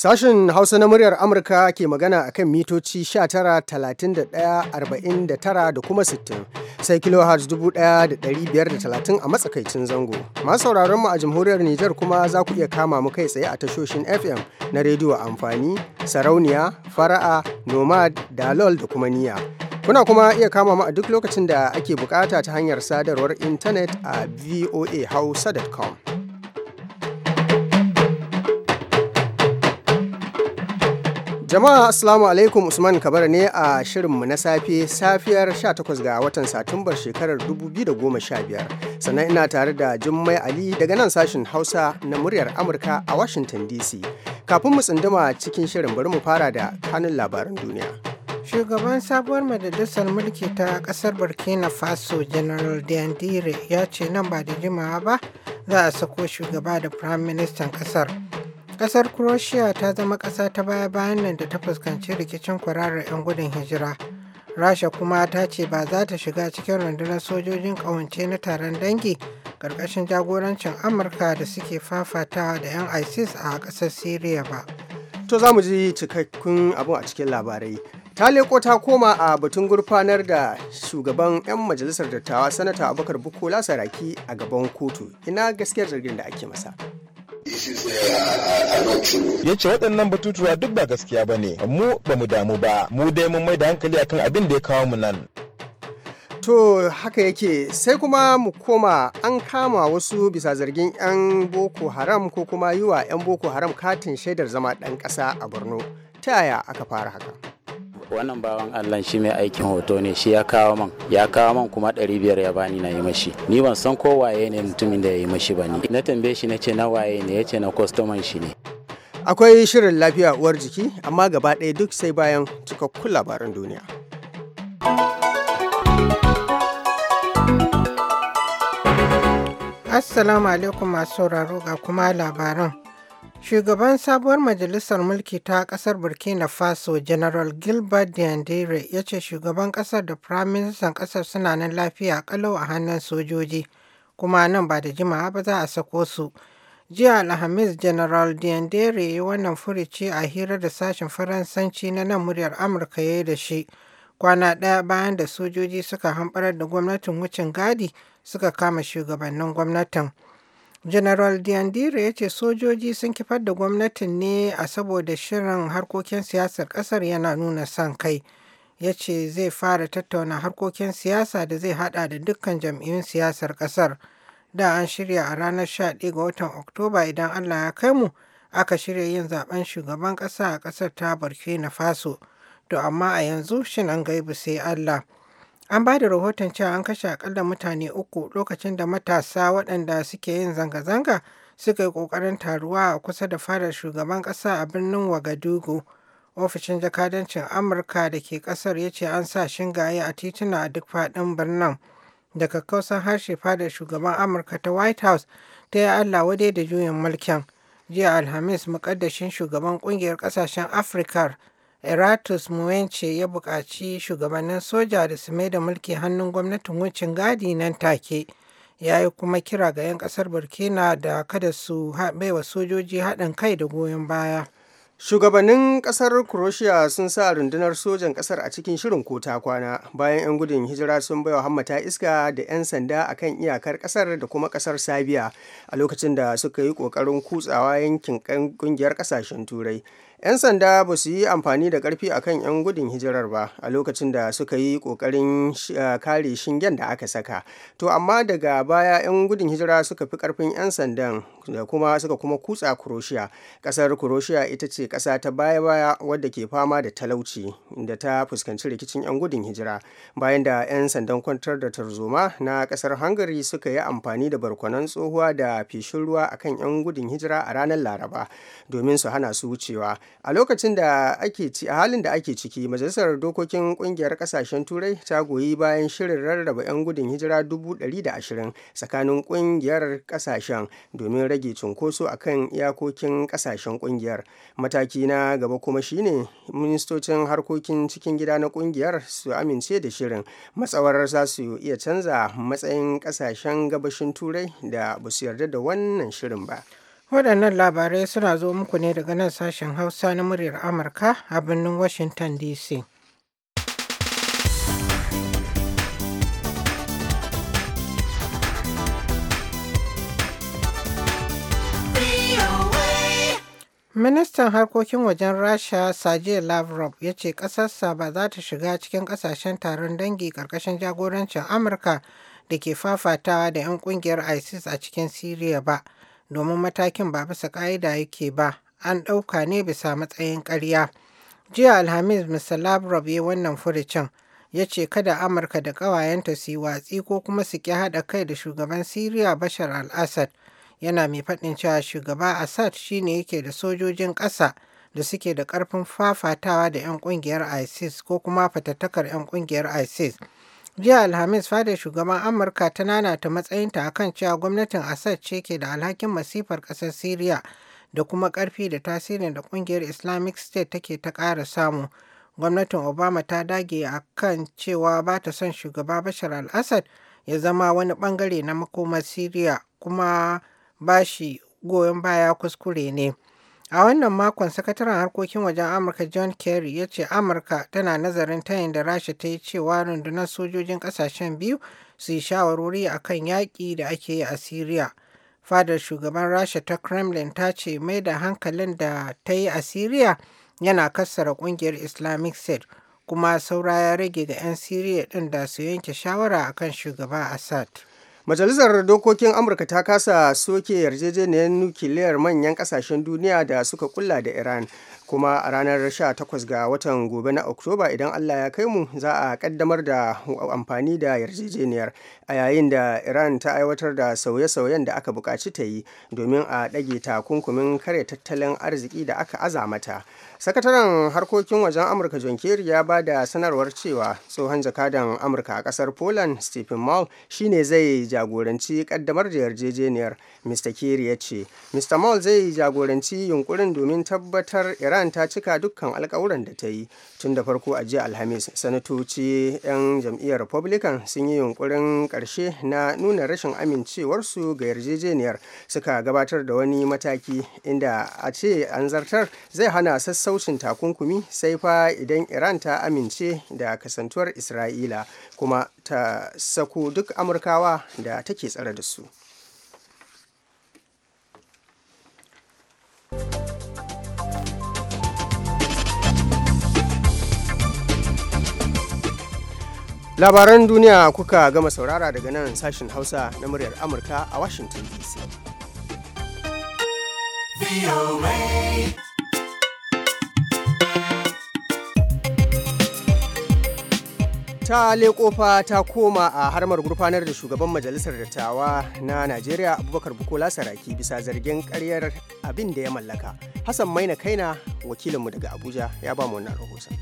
Sashen Hausa na muryar Amurka ke magana a kan mitoci 19,31,49 da kuma 60 sai kilohertz 1,530 a matsakaicin zango. Masu sauraronmu a jamhuriyar Nijar kuma za ku iya kama mu kai tsaye a tashoshin FM na rediyo amfani, sarauniya, fara'a, nomad, dalol da kuma niya. Kuna kuma iya kama mu a duk lokacin da ake bukata ta hanyar sadarwar intanet a voahausa.com. Jama'a Assalamu alaikum Usman Kabara ne a shirin mu na safe safiyar 18 ga watan Satumbar shekarar 2015. Sannan ina tare da Jummai Ali daga nan sashin Hausa na muryar Amurka a Washington DC. Kafin mu tsunduma cikin shirin bari mu fara da kanun labaran duniya. Shugaban sabuwar majalisar mulki ta kasar Burkina Faso General Diandire ya ce nan ba da jimawa ba za a sako shugaba da Prime Minister kasar. Ƙasar Croatia ta zama ƙasa ta baya-bayan nan da ta fuskanci rikicin kwararar 'yan gudun hijira. Rasha kuma ta ce ba za ta shiga cikin rundunar sojojin ƙawance na taron dangi ƙarƙashin jagorancin Amurka da suke fafatawa da 'yan ISIS a ƙasar syria ba. To za mu ji cikakkun abu a cikin labarai. ta leko ta koma a batun gurfanar da shugaban 'yan majalisar dattawa sanata abubakar bukola saraki a gaban kotu ina gaskiyar zargin da ake masa Uh, uh, uh, ya ce waɗannan batutuwa duk ba gaskiya ba ne mu ba mu damu ba mu dai mun mai da hankali akan abin da ya kawo mu nan To haka yake sai kuma mu koma an kama wasu bisa zargin 'yan Boko Haram ko kuma yi wa 'yan Boko Haram katin shaidar zama ɗan ƙasa a Borno. Ta yaya aka fara haka? wannan bawan allah shi mai aikin hoto ne shi ya kawo man ya kawo man kuma ɗari biyar ya bani na yi mashi ni ban san ko waye ne mutumin da ya yi mashi ba ni na tambaye shi na ce na waye ne ya na kwastoman shi ne akwai shirin lafiya uwar jiki amma gaba ɗaya duk sai bayan cikakkun labaran duniya assalamu alaikum masu sauraro ga kuma labaran Shugaban sabuwar majalisar mulki ta kasar Burkina Faso, General Gilbert diandere ya ce shugaban kasar da firaministan kasar suna nan lafiya kalau a hannun sojoji, kuma nan ba da jima'a ba za a sako su. Jiya Alhamis General diandere ya wannan furici a hirar da sashen Faransanci na nan muryar Amurka ya yi da shi. Kwana ɗaya bayan da sojoji suka hamɓarar da gwamnatin wucin gadi suka kama shugabannin gwamnatin. General Diandire ya ce sojoji sun kifar da gwamnatin ne a saboda shirin harkokin siyasar kasar yana nuna son kai. Ya ce zai fara tattauna harkokin siyasa da zai hada da dukkan jam'iyyun siyasar kasar. Da an shirya a ranar 11 ga watan Oktoba idan Allah ya kai mu aka shirya yin zaben shugaban kasa a kasar ta Burkina Faso. To amma a yanzu shin an gaibu sai Allah. An ba da rahoton cewa an kashe akalla mutane uku lokacin da matasa waɗanda suke yin zanga-zanga suka yi ƙoƙarin taruwa a kusa da fadar shugaban ƙasa a birnin Wagadugu. Ofishin jakadancin Amurka da ke ƙasar ya ce an sa shingaye a tituna a duk faɗin birnin. Da kakkausan harshe fadar shugaban Amurka ta White House ta yi Allah wadai da juyin mulkin. Jiya Alhamis muƙaddashin shugaban ƙungiyar ƙasashen Afirka Eratus Muwence ya buƙaci shugabannin soja da su mai da mulki hannun gwamnatin wucin gadi nan take. Ya yi kuma kira ga 'yan ƙasar Burkina da kada su baiwa sojoji haɗin kai da goyon baya. Shugabannin ƙasar Croatia sun sa rundunar sojan ƙasar a cikin shirin ko ta kwana bayan 'yan gudun hijira sun baiwa hammata iska da 'yan sanda a kan iyakar ƙasar da kuma ƙasar Sabiya a lokacin da suka yi ƙoƙarin kutsawa yankin ƙungiyar ƙasashen Turai. 'yan sanda ba su yi amfani da karfi kan 'yan gudun hijirar ba a lokacin da suka yi kokarin kare shingen da aka saka to amma daga baya 'yan gudun hijira suka fi ƙarfin 'yan sandan da kuma suka kuma kutsa kuroshiya Ƙasar kuroshiya ita ce ƙasa ta baya-baya wadda ke fama da talauci da ta fuskanci rikicin 'yan gudun hijira bayan da 'yan sandan kwantar da tarzoma na ƙasar hungary suka yi amfani da barkwanon tsohuwa da fishin ruwa a kan 'yan gudun hijira a ranar laraba domin su hana su wucewa a lokacin da ake ci a halin da ake ciki majalisar dokokin kungiyar kasashen turai ta goyi bayan shirin rarraba 'yan gudun hijira 120 tsakanin kungiyar kasashen domin rage cunkoso a kan iyakokin kasashen kungiyar mataki na gaba kuma shine ministocin harkokin cikin gida na kungiyar su amince da shirin matsawar za su iya canza matsayin kasashen gabashin turai da ba su yarda da wannan shirin ba Waɗannan labarai suna zo muku ne daga nan sashen Hausa na muryar Amurka a birnin Washington DC. Ministan harkokin wajen Rasha Sergei Lavrov ya ce ƙasarsa ba za ta shiga cikin ƙasashen taron dangi ƙarƙashin jagorancin Amurka da ke fafatawa da 'yan ƙungiyar ISIS a cikin Syria ba. domin matakin ba bisa ƙa'ida yake ba an ɗauka ne bisa matsayin ƙarya jiya alhamis mr lavrov ya wannan furucin ya ce kada amurka da ƙawayenta su yi watsi ko kuma su ki haɗa kai da shugaban siriya bashar al-assad yana mai faɗin cewa shugaba assad shine yake da sojojin ƙasa da suke da ƙarfin fafatawa da 'yan ƙungiyar isis ko kuma fatattakar 'yan ƙungiyar isis Jiya Alhamis fadar shugaban Amurka ta nanata matsayinta akan cewa gwamnatin Assad ce ke da alhakin masifar ƙasar Siriya da kuma karfi da tasirin da ƙungiyar Islamic State take ta ƙara samu. Gwamnatin Obama ta dage a kan cewa ba ta son shugaba Bashar al-Assad ya zama wani bangare na makomar Siriya kuma ba shi goyon baya kuskure ne. A wannan makon sakataren harkokin wajen Amurka John Kerry ya ce Amurka tana nazarin ta da Rasha ta yi cewa rundunar sojojin kasashen biyu su yi shawarwari a kan yaƙi da ake yi a Siriya. Fadar shugaban Rasha ta Kremlin ta ce mai da hankalin da ta yi a Siriya yana kassara ƙungiyar Islamic State kuma saura ya rage ga 'yan Siriya ɗin da su yanke shawara akan shugaba Assad. Majalisar Dokokin Amurka ta kasa soke yarjejeniyar nukiliyar manyan kasashen duniya da suka kula da Iran kuma a ranar 18 ga watan gobe na oktoba idan allah ya kai mu za a kaddamar da amfani da yarjejeniyar a yayin da iran ta aiwatar da sauye-sauyen da aka buƙaci ta yi domin a ɗage takunkumin kare tattalin arziki da aka aza mata sakataren harkokin wajen amurka john kerry ya ba da sanarwar cewa tsohon jakadan amurka a kasar poland stephen mall shine zai jagoranci kaddamar da yarjejeniyar mr kerry ya ce mr mall zai jagoranci yunkurin domin tabbatar iran Iran ta cika dukkan alkawuran da ta yi tun da farko a jiya Alhamis. Sanatoci 'yan jam'iyyar Republican sun yi yunkurin karshe na nuna rashin amincewarsu ga yarjejeniyar suka gabatar da wani mataki inda a ce an zartar zai hana sassaucin takunkumi sai fa idan Iran ta amince da kasantuwar Isra'ila kuma ta sako duk Amurkawa da take tsare da su. labaran duniya kuka gama saurara daga nan sashen hausa na muryar amurka a washington dc ta lekofa ta koma a harmar gurfanar da shugaban majalisar dattawa na najeriya abubakar bukola saraki bisa zargin karyar abin da ya mallaka hassan maina kaina wakilinmu daga abuja ya ba mu wannan rahoton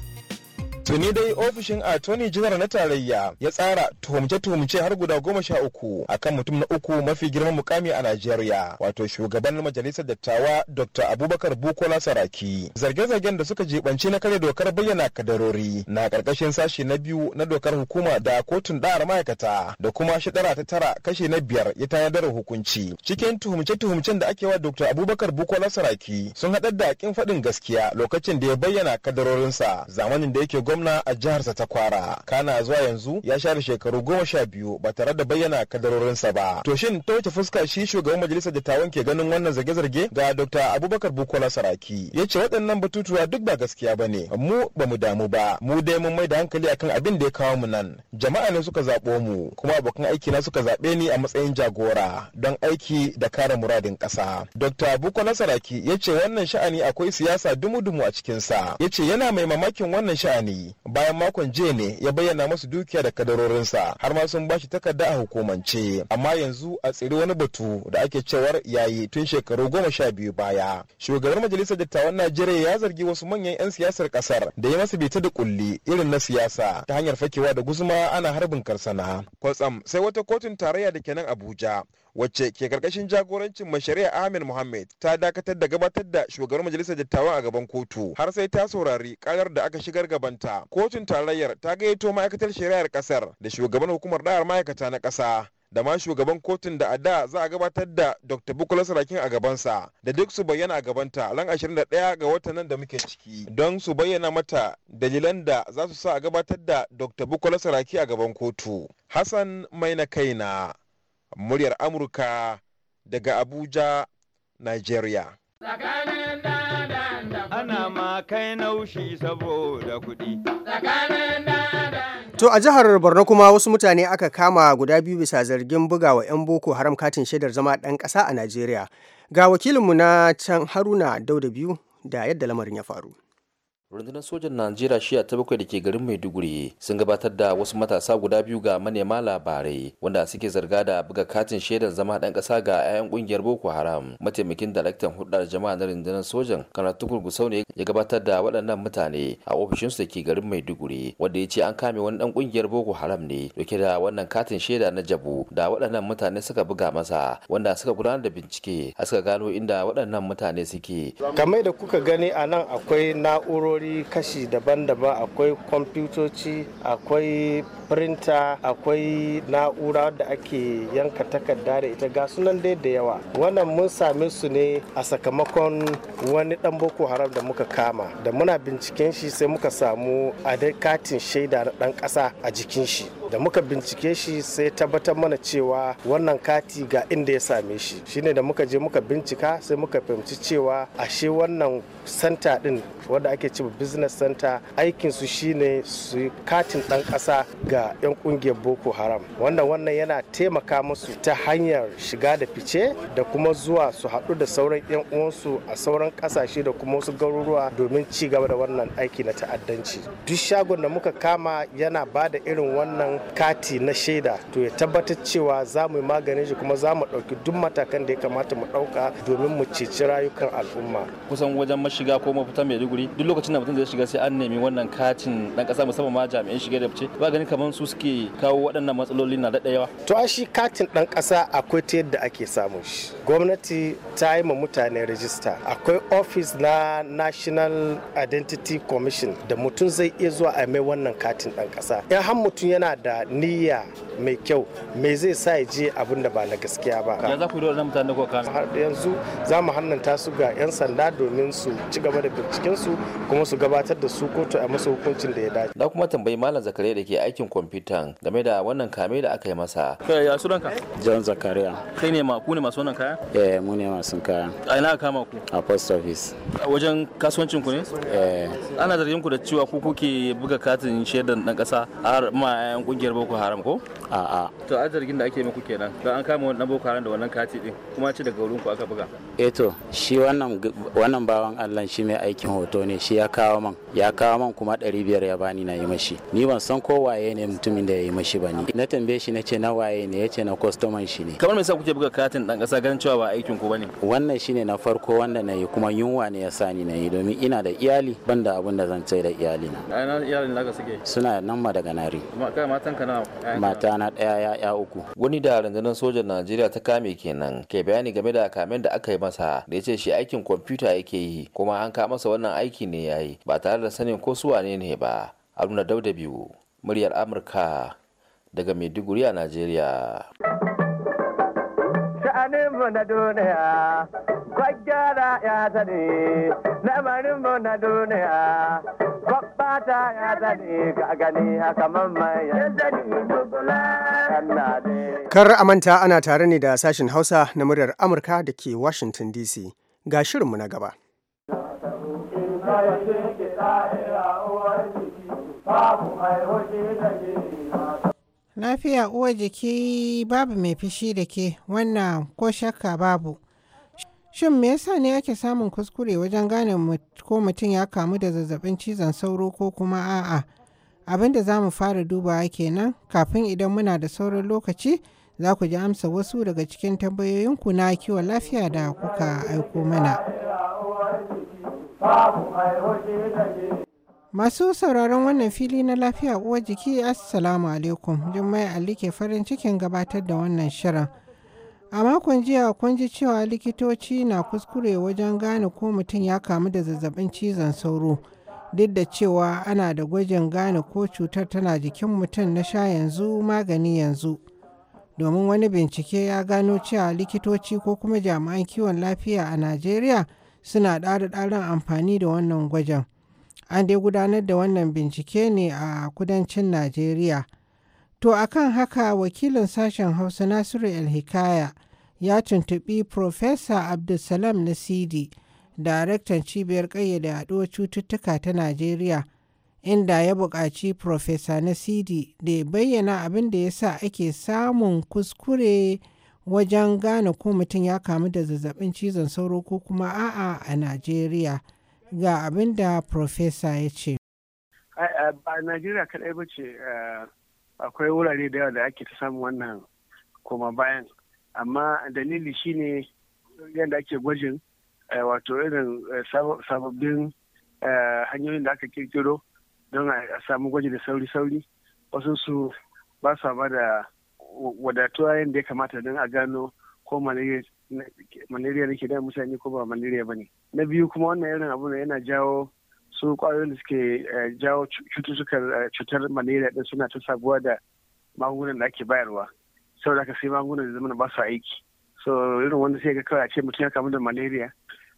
Tuni dai ofishin Attorney General na tarayya ya tsara tuhumce-tuhumce har guda goma sha uku akan mutum na uku mafi girman mukami a Najeriya wato shugaban majalisar dattawa Dr. Abubakar Bukola Saraki. Zarge-zargen da suka jibanci na kare dokar bayyana kadarori na karkashin sashi na biyu na dokar hukuma da kotun ɗara ma'aikata da kuma shidara ta tara kashe na biyar ya tanadar hukunci. Cikin tuhumce-tuhumcen da ake wa Dr. Abubakar Bukola Saraki sun haɗar da kin faɗin gaskiya lokacin da ya bayyana kadarorinsa zamanin da yake gwamnati gwamna a jiharsa ta kwara kana zuwa yanzu ya share shekaru goma sha biyu ba tare da bayyana kadarorinsa ba to shin ta wace fuska shi shugaban majalisar dattawan ke ganin wannan zage-zage ga dr abubakar bukola saraki ya ce waɗannan batutuwa duk ba gaskiya ba ne mu ba mu damu ba mu dai mun mai da hankali akan abin da ya kawo mu nan jama'a ne suka zaɓo mu kuma abokan aiki na suka zaɓe ni a matsayin jagora don aiki da kare muradin ƙasa dr bukola saraki ya ce wannan sha'ani akwai siyasa dumu-dumu a cikinsa ya ce yana mai mamakin wannan sha'ani bayan makon jiya ne ya bayyana masu dukiya da kadarorinsa har ma sun bashi takarda a hukumance amma yanzu a tsiri wani batu da ake cewar yayi tun shekaru goma sha biyu baya shugaban majalisar dattawan najeriya ya zargi wasu manyan 'yan siyasar kasar da ya masa bita da kulli irin na siyasa ta hanyar fakewa da guzuma ana harbin karsana kwatsam sai wata kotun tarayya da ke nan abuja wacce ke karkashin jagorancin mashari'a Ahmed Mohammed ta dakatar da gabatar da shugaban majalisar dattawan a gaban kotu har sai ta saurari karar da aka shigar gabanta. Kotun tarayyar ta gayyato ma'aikatar shari'ar kasar da shugaban hukumar da'ar ma'aikata na ƙasa da ma shugaban kotun da a da za a gabatar da Dr. Bukola Sarakin a gabansa da duk su bayyana a gabanta ran 21 ga watan nan da muke ciki don su bayyana mata dalilan da za su sa a gabatar da Dr. Bukola Saraki a gaban kotu. Hassan Maina Kaina muryar amurka daga abuja nigeria ana ma kai naushi saboda kuɗi To a jihar Borno kuma wasu mutane aka kama guda biyu bisa zargin buga wa 'yan Boko Haram katin shaidar zama ɗan ƙasa a Najeriya. Ga wakilinmu na can Haruna Dauda biyu da yadda lamarin ya faru. rundunar sojan najeriya shiya ta bakwai da ke garin maiduguri sun gabatar da wasu matasa guda biyu ga manema labarai wanda suke zarga da buga katin shaidar zama dan kasa ga 'ya'yan kungiyar boko haram mataimakin daraktan hudar jama'a na rundunar sojan karatu Sau ne ya gabatar da waɗannan mutane a ofishinsu da ke garin maiduguri wanda ya ce an kame wani dan kungiyar boko haram ne dauke da wannan katin shaida na jabu da waɗannan mutane suka buga masa wanda suka gudanar da bincike a suka gano inda waɗannan mutane suke kamar da kuka gani anan akwai na'urori na'urori kashi daban-daban akwai kwamfutoci akwai firinta akwai na'ura da ake yanka takarda da ita ga sunan dai da yawa wannan mun same su ne a sakamakon wani dan boko haram da muka kama da muna binciken shi sai muka samu adai katin shaida na dan kasa a jikin shi da muka bincike shi sai tabbatar mana cewa wannan kati ga inda ya same shi shine da muka je muka bincika sai muka fahimci cewa ashe wannan santa din wanda ake cewa business center aikin su shine su katin dan kasa ga yan kungiyar boko haram wannan wannan yana taimaka musu ta hanyar shiga da fice da kuma zuwa su haɗu da sauran yan uwansu a sauran kasashe da kuma wasu garuruwa domin ci gaba da wannan aiki na ta'addanci duk shagon da muka kama yana ba da irin wannan kati na shaida to ya tabbatar cewa za mu yi maganin shi kuma za mu ɗauki duk matakan da ya kamata mu ɗauka domin mu ceci rayukan al'umma. Kusan wajen mashiga ko mafita Maiduguri duk lokacin da mutum zai shiga sai an nemi wannan katin ɗan ƙasa musamman ma jami'an shige da fice ba gani kamar su suke kawo waɗannan matsaloli na da yawa. To a shi katin ɗan ƙasa akwai ta yadda ake samun shi. Gwamnati ta yi ma mutane rajista akwai ofis na National Identity Commission da mutum zai iya zuwa a mai wannan katin ɗan ƙasa. yan har mutum yana da da niyya mai kyau me zai sa ya je abin da ba na gaskiya ba ya za ku dole mutane ko kan yanzu za mu hannanta su ga yan sanda domin su ci gaba da binciken su kuma su gabatar da su kotu a musu hukuncin da ya dace da kuma tambayi malam zakariya da ke aikin kwamfutan game da wannan kame da aka yi masa kai ya sunanka john zakariya kai ne ma ku ne masu wannan kaya eh mu ne masu kaya a ina kama ku a post office wajen kasuwancin ku ne eh ana zargin ku da cewa ku kuke buga katin shaidar dan kasa har ma yan kungiyar boko haram ko a'a to a zargin da ake muku kenan don an kama wannan boko haram da wannan kati din kuma ci daga wurin ku aka buga eh to shi wannan wannan bawan Allah shi mai aikin hoto ne shi ya kawo man ya kawo man kuma 500 ya bani na yi mashi ni ban san ko waye ne mutumin da ya yi mashi bani na tambaye shi nace na waye ne yace na customer shi ne kamar me yasa kuke buga katin dan kasa ganin cewa ba aikin ku bane wannan shine na farko wanda na yi kuma yunwa ne ya sani na yi domin ina da iyali banda abin da zan cai da iyalina iyalin naka suke suna nan ma daga nari kuma kai mata matana mata na daya ya ya uku wani da rundunar sojan Najeriya ta kame kenan ke bayani game da kamen da aka yi masa da ya ce shi aikin kwamfuta yake yi kuma an ka masa wannan aiki ne yayi ba tare da sanin ko su ne ne ba Haruna Dauda biyu muryar Amurka daga Maiduguri a Najeriya sha'aninmu na duniya ya zane na duniya babbata ya zane ka gani ya zane dubula kar a manta ana tare ne da sashen hausa na muryar amurka da ke washington dc ga shirinmu na gaba lafiya uwar jiki babu mai fishi da ke wannan ko shakka babu Shin me yasa ne ake samun kuskure wajen gane ko mutum ya kamu da zazzabin cizon sauro ko kuma a'a? Abin da za mu fara dubawa kenan kafin idan muna da sauran lokaci za ku ji amsa wasu daga cikin tambayoyinku na kiwon lafiya da kuka aiko mana. Masu sauraron wannan fili na lafiya uwar jiki Assalamu alaikum Jummai Ali ke farin cikin gabatar da wannan shirin. A makon jiya kun ji cewa likitoci na kuskure wajen gane ko mutum ya kamu da zazzabin cizon sauro duk da cewa ana da gwajin gane ko cutar tana jikin mutum na sha yanzu magani yanzu. Domin wani bincike ya gano cewa likitoci ko kuma jami'an kiwon lafiya a Najeriya suna ɗara ɗarin amfani da wannan gwajin. An dai gudanar da wannan bincike ne a kudancin Najeriya. To a kan haka wakilin sashen Hausa Nasiru El-Hikaya ya tuntuɓi Profesa Abdulsalam Nasidi, daraktan cibiyar ƙayyade haɗuwar cututtuka ta Najeriya, inda ya buƙaci Profesa Nasidi da ya bayyana abin da ya sa ake samun kuskure wajen gane ko mutum ya kamu da zazzabin cizon sauro ko kuma a'a a Najeriya. Ga abin da Profesa ya ce. A Najeriya kaɗai ba ce eh, akwai wurare da yawa da ake ta samun wannan koma bayan amma dalili shine yadda ake gwajin eh, wato irin eh, sababbin eh, hanyoyin da aka kirkiro don a samu gwaji da sauri-sauri wasu su ba su ba da wadatuwa yadda ya kamata don a gano ko malaria nake da mutane ko ba malaria ba ne na biyu kuma wannan irin abu yana jawo su kwayoyin da suke eh, jawo cututtukan eh, cutar malaria din suna ta sabuwa da magungunan da ake bayarwa saboda haka sai magungunan da zama ba su aiki so irin wanda sai ga kawai a ce mutum ya kamu da malaria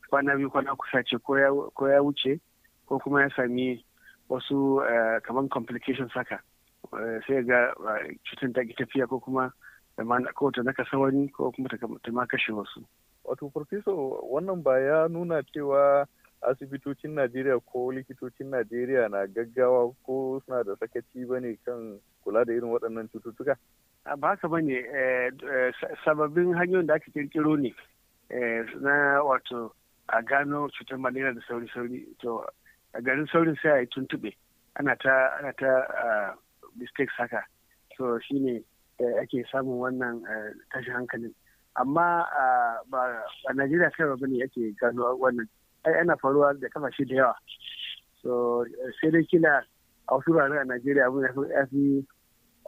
kwana biyu kwana kusa ce ko ya wuce ko kuma ya sami wasu eh, kamar complications haka sai ga cutar ta tafiya ko kuma ko ta naka sawani ko kuma ta ma kashe wasu. Wato Farfeso wannan ba ya nuna cewa asibitocin najeriya ko likitocin najeriya na gaggawa ko suna da sakaci ba ne kan kula da irin waɗannan cututtuka ba ka ba ne eh, eh, sababbin hanyoyin da aka kirkiro ne eh, na wato a gano cutar malaria da sauri-sauri to a garin saurin sai a yi tuntuɓe ana ta ana ta ah, mistakes haka so shine ake samun wannan tashin hankalin amma ah, ba a najeriya kai ba ne ake gano wannan ai ana faruwa da kafashe da yawa so sai dai kila a wasu wuraren a najeriya abin ya fi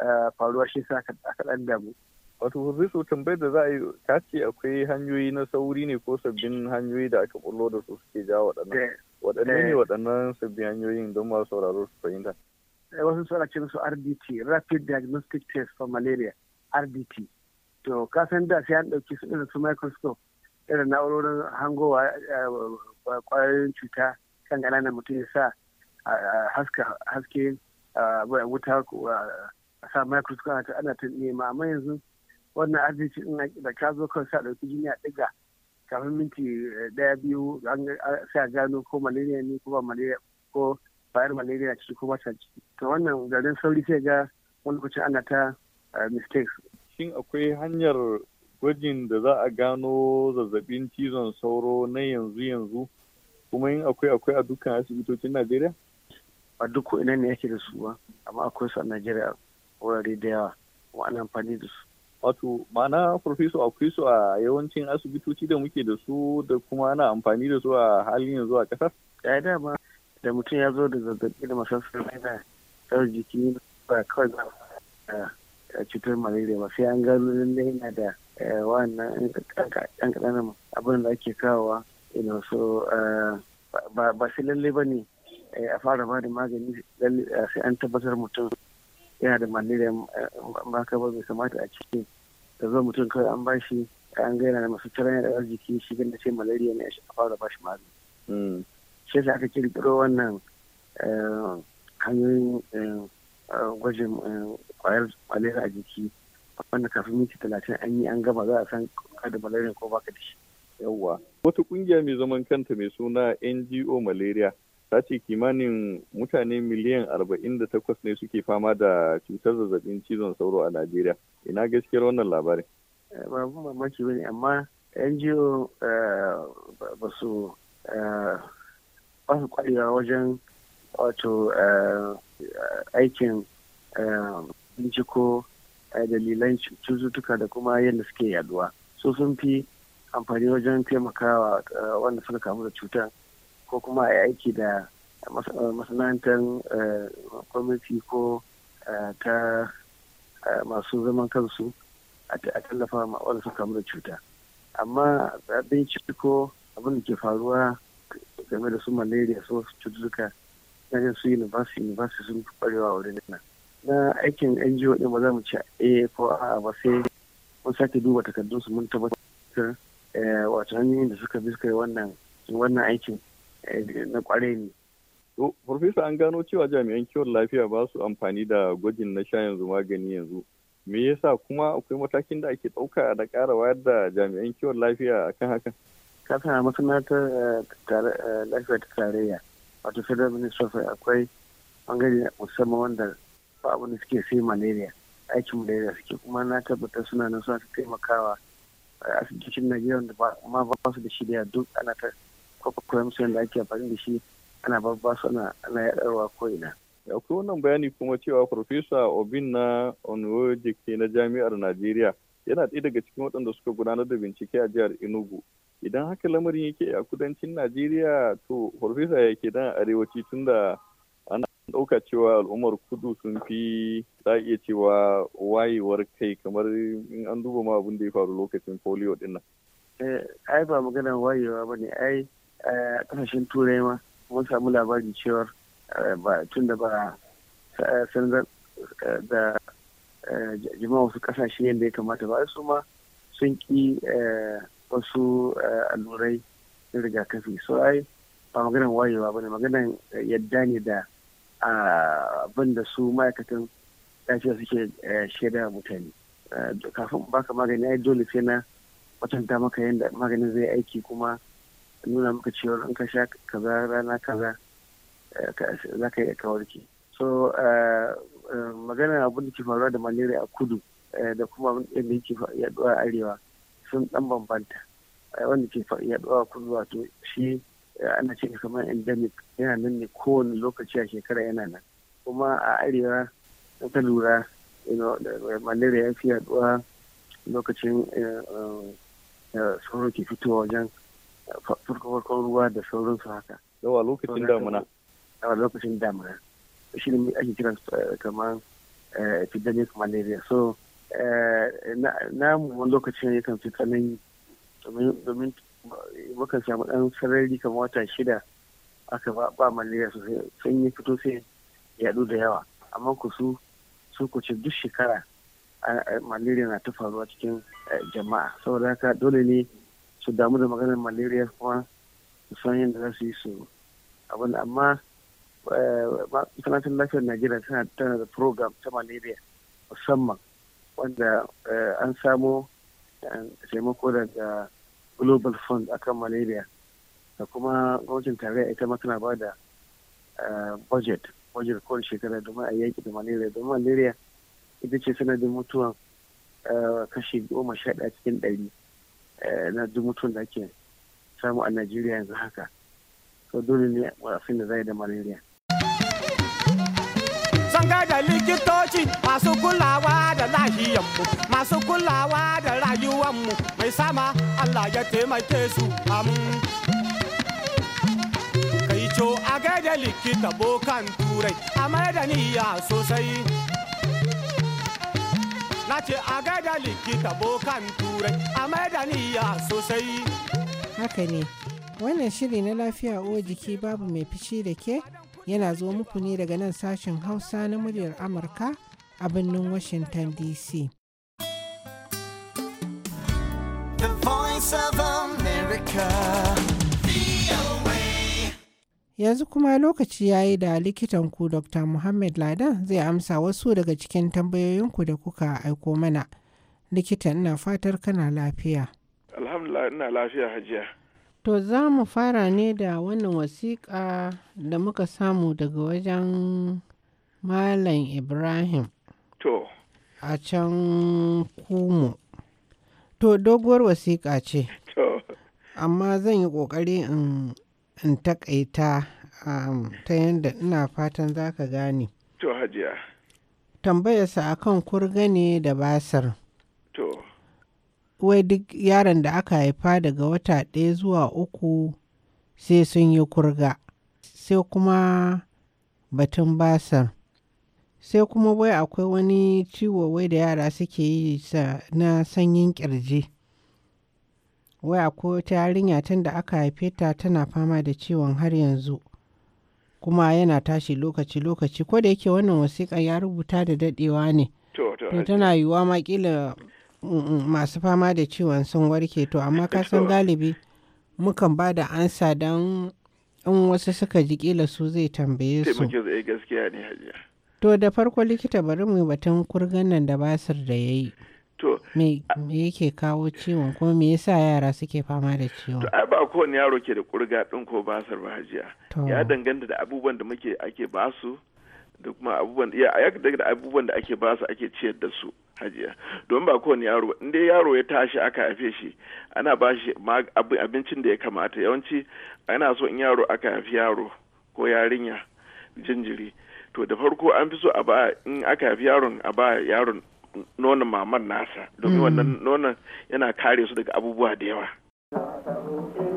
eh, faruwa shi sa aka ɗan damu wato zai tambayar da za a yi ta ce akwai hanyoyi na sauri ne ko sabbin hanyoyi da aka bullo da su suke ja waɗannan eh, waɗanne ne eh. waɗannan sabbin hanyoyin don masu sauraro su fahimta wasu suna cin su RDT rapid diagnostic test for malaria RDT to kasan da sai an ɗauki su irin su microscope irin na'urorin hangowa kwayoyin cuta kan na mutum ya sa haske wuta a sa microscope ana ta nema amma yanzu wannan arziki da ka zo kan sa ɗauki jini a ɗiga kafin minti eh, ɗaya biyu sai a gano ko malaria ne ko ba malaria ko bayar malaria ciki ko ba ciki to wannan garin sauri sai ga wani kucin ana ta eh, mistakes shin akwai hanyar gwajin da za a gano zazzabin cizon sauro na yanzu yanzu kuma yin akwai akwai a dukkan asibitocin najeriya a duk ina ne yake da su ba amma akwai su a najeriya wurare da yawa kuma ana amfani da su wato ma'ana farfeso akwai su a yawancin asibitoci da muke da su da kuma ana amfani da su a halin yanzu a kasar ya eh, dama da mutum ya zo da zazzabi da masassarai da tsar jiki ba kawai ba cutar malaria ba sai an gano lallai yana da Eh, wa'annan yan kaɗan abin da ake kawowa ina so eh, ba sai lalle ba ne eh, a fara ba da magani sai an tabbatar mutum yana da malaria maka ba bai samata a ciki da zo mutum kawai an ba shi an gaina da masu tarin da arziki shi ganda ce malaria ne a fara ba shi magani hmm. shi yasa aka kirkiro wannan hanyoyin gwajin kwayar malaria a jiki wanda kafin minti talatin an yi an gama za a san ka da malaria ko baka da shi yawwa wata kungiya mai zaman kanta mai suna ngo malaria ta ce kimanin mutane miliyan arba'in da takwas ne suke fama da cutar zazzabin cizon sauro a najeriya ina gaskiyar wannan labarin eh, babu mamaki ne, amma ngo eh, ba su eh, ba su kwarewa wajen wato aikin binciko dalilan cututtuka da kuma yadda suke yaduwa so sun fi amfani wajen taimakawa eh, wanda suka kamu da cutar ko kuma a aiki da eh, masana'antar kwamiti eh, ko ta masu zaman kansu a tallafa ma wanda suka kamu da cuta amma ko abin da ke faruwa game da su malaria so cututtuka yanzu su university university sun fi kwarewa wurin nan na aikin NGO ɗin ba za mu ci a ko a ba sai mun sake duba takardun su mun tabbatar eh, wato hanyoyin da suka biska wannan wannan aikin eh, na ƙware ne. Profesa an gano cewa jami'an kiwon lafiya ba su amfani da gwajin na sha yanzu magani yanzu. Me yasa kuma akwai matakin da ake ɗauka da ƙara wayar da jami'an kiwon lafiya akan hakan? Ka a masana'antar eh, lafiya ta tarayya, wato Federal Ministry of akwai bangare musamman wanda ba abin da suke sai malaria aikin malaria suke kuma na tabbata suna nan suna taimakawa asibitocin najeriya da ma ba su da shi da duk ana ta kwakwakwai musu yadda ake amfani da shi ana babba su ana yadarwa ko ina akwai wannan bayani kuma cewa farfesa obin na onuwoje na jami'ar najeriya yana ɗaya daga cikin waɗanda suka gudanar da bincike a jihar enugu idan haka lamarin yake a kudancin najeriya to farfesa yake dan arewaci tunda Dauka cewa al'ummar kudu sun fi za cewa wayewar kai kamar in an duba ma abin da ya faru lokacin polio din nan. Eh, ai ba magana wayewa ba ne ai eh, a kasashen turai ma mun samu labari cewar eh, ba tun da ba sanar da jama'a wasu kasashe yadda ya kamata ba su ma sun ki wasu allurai na rigakafi so ai ba maganar wayewa ba ne maganar yadda ne da abin da su ma'aikatan lafiya suke eh, shaida mutane eh, kafin baka magani ai dole sai na kwatanta maka yadda maganin zai aiki kuma nuna maka cewa in ka sha kaza rana kaza eh, za ka iya kawarki so magana abin da ke faruwa da malaria a kudu da kuma yadda yake yaduwa a arewa sun dan bambanta wanda ke yaduwa a kudu wato shi Eh, ana ce kamar endemic yana nan ne kowane lokaci a shekara yana nan kuma a arewa na ta lura malaria ya fi yaduwa lokacin eh, eh, sauro ke fitowa wajen farko-farkon ruwa da sauransu haka yawa lokacin damuna yawa lokacin damuna shi ne ake kiran kamar epidemic malaria so na mu lokacin yakan fi tsanani domin muka samu ɗan sarari kamar wata shida aka ba malaria sosai sun yi fito sai yaɗu da yawa amma ku su su ku ce duk shekara malaria na ta faruwa cikin eh, jama'a saboda haka dole ne su damu da maganar malaria kuma su san yadda za su yi su abin amma sanatin eh, lafiyar najeriya tana tana da program ta malaria musamman wanda eh, an samo taimako daga global fund akan malaria da kuma gwamnatin tarayya ita ma tana ba da eh, budget budget ko shekara domin a yaki da malaria domin malaria ita ce sanadin mutuwan eh, kashi goma sha daya cikin ɗari eh, na duk mutuwan da ake samu a najeriya yanzu haka ko dole ne a da zai da malaria. da likita masu kulawa da lahiyanmu masu kulawa da rayuwan mu, mai sama Allah ya taimake su amin kai co a gaida likita bokan turai a mai da niyya sosai na ce a gaida likita bokan turai a mai da niyya sosai haka ne wannan shiri na lafiya uwa jiki babu mai fici da ke yana zo muku ne daga nan sashen hausa na muryar amurka a birnin Washington DC. The Voice of America. Yanzu kuma lokaci ya yi da likitan ku Dr. Muhammad Ladan zai amsa wasu daga cikin tambayoyinku da kuka aiko mana. Likitan ina fatar kana lafiya. Alhamdulillah ina lafiya hajiya. To za mu fara ne da wannan wasiƙa da muka samu daga wajen Malam Ibrahim. To. A can kumu. To doguwar wasiƙa ce. To. Amma zan yi ƙoƙari in taƙaita um, ta yadda ina fatan za ka gane. To hajiya. Tambayarsa akan kurga ne da basar. To. Wai duk yaron da aka haifa daga wata ɗaya zuwa uku sai sun yi kurga. Sai kuma batun basar. sai kuma wai akwai wani ciwo wai da yara suke yi na sanyin kirji wai akwai wata yarinya tun da aka haife ta tana fama da ciwon har yanzu kuma yana tashi lokaci-lokaci ko da yake wannan wasiƙa ya rubuta da daɗewa ne to tana yiwuwa ma mm, mm, masu fama da ciwon sun warke to amma ka san galibi mukan ba da ansa don in wasu suka ji kila su zai tambaye su To da farko likita bari mu batun kurgan nan da basir da ya yi. me yake kawo ciwon ko me yasa yara suke fama da ciwon? To ai ba kowane yaro ke da kurga din ko basir ba hajiya. Ya danganta da abubuwan da muke ake basu da kuma abubuwan da ya da abubuwan da ake basu ake ciyar da su hajiya. Don ba kowane yaro in dai yaro ya tashi aka haife shi ana ba shi abincin da ya kamata yawanci ana so in yaro aka haifi yaro ko yarinya jinjiri to da farko an fi so a ba in aka haifi yaron a ba yaron nonon maman nasa domin mm. wannan nonon yana kare su daga abubuwa da yawa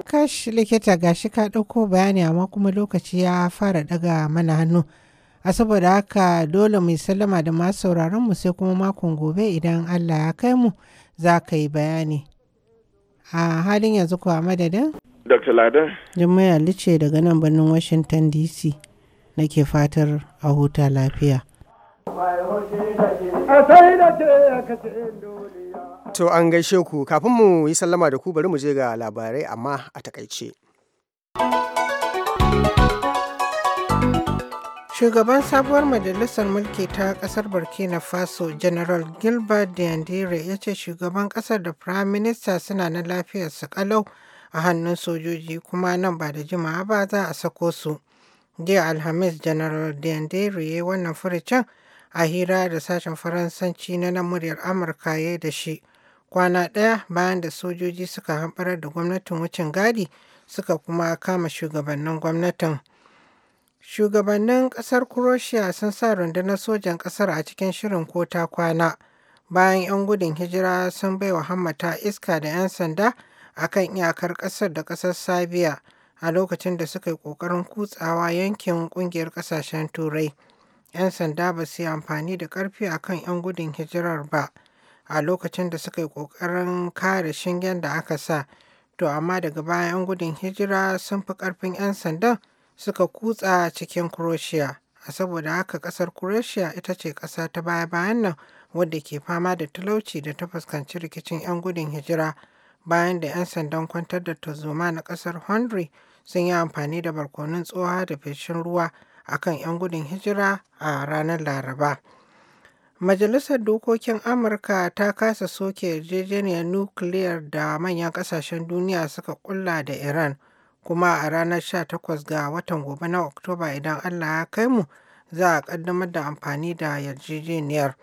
kash likita ga shi ka ɗauko bayani amma kuma lokaci ya fara daga mana hannu a saboda haka dole mu sallama da masu sauraron mu sai kuma makon gobe idan allah ya kai mu za ka yi bayani a halin yanzu kuwa madadin dr ladan jimmy alice daga nan birnin washington dc nake fatar a huta lafiya. To an gaishe ku kafin mu yi sallama da ku bari mu je ga labarai amma a takaice. Shugaban sabuwar majalisar mulki ta kasar Burkina Faso General Gilbert Diandere ya ce shugaban kasar da Prime Minister suna na lafiyarsu kalau a hannun sojoji kuma nan ba da jimawa ba za a sako su. jiya alhamis general diandere ya wannan furucin a hira da sashen faransanci na nan muryar amurka ya da shi kwana ɗaya bayan da sojoji suka hamɓarar da gwamnatin wucin gadi suka kuma kama shugabannin gwamnatin shugabannin ƙasar croatia sun sa rundunar sojan ƙasar a cikin shirin ko ta kwana bayan 'yan gudun hijira sun baiwa wa hammata iska da 'yan sanda a kan iyakar ƙasar da ƙasar serbia a lokacin da suka yi ƙoƙarin kutsawa yankin ƙungiyar ƙasashen Turai. 'Yan sanda ba su yi amfani da ƙarfi a kan 'yan gudun hijirar ba a lokacin da suka yi ƙoƙarin kare shingen da aka sa. To amma daga bayan 'yan gudun hijira sun fi ƙarfin 'yan sanda suka kutsa cikin Croatia. A saboda haka ƙasar Croatia ita ce ƙasa ta baya-bayan nan wadda ke fama da talauci da ta fuskanci rikicin 'yan gudun hijira. bayan da 'yan sandan kwantar da tarzoma na kasar Hungary sun yi amfani da barkonon tsoha da feshin ruwa a kan 'yan gudun hijira a ranar Laraba. Majalisar Dokokin Amurka ta kasa soke yarjejeniyar nukiliyar da manyan kasashen duniya suka kulla da Iran kuma a ranar 18 ga watan gobe na Oktoba idan Allah ya kai mu za a kaddamar da amfani da yarjejeniyar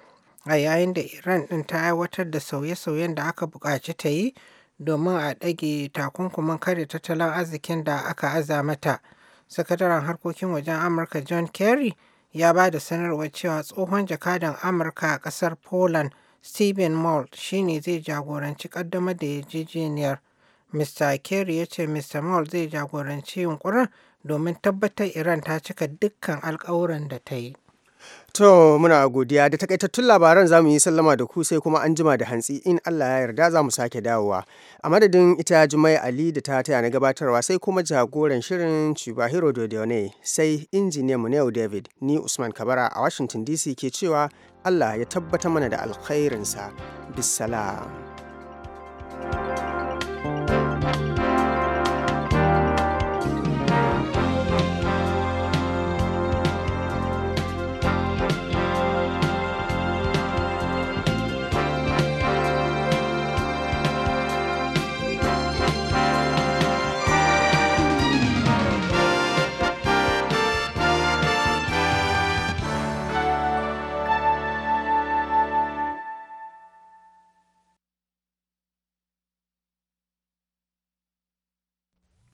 a yayin da Iran ɗin ta aiwatar da sauye-sauyen da aka buƙaci ta yi domin a ɗage takunkumin karya tattalin arzikin da aka aza mata. Sakataren harkokin wajen Amurka John Kerry ya ba da sanarwar cewa tsohon jakadan Amurka a ƙasar Poland Stephen mall shine zai jagoranci ƙaddamar da yarjejeniyar. Mr. Kerry ya ce Mr. Mould zai jagoranci yunkurin domin tabbatar Iran ta cika dukkan alkawuran da ta yi. To muna godiya da takaitattun labaran za mu yi sallama da ku sai kuma an jima da hantsi in Allah ya yarda za mu sake dawowa. A madadin ita Jumai Ali da ta taya na gabatarwa sai kuma jagoran shirin Chibahiro Dodone sai injiniya mu Neo David ni Usman Kabara a Washington DC ke cewa Allah ya tabbata mana da alkhairinsa. Bisalam.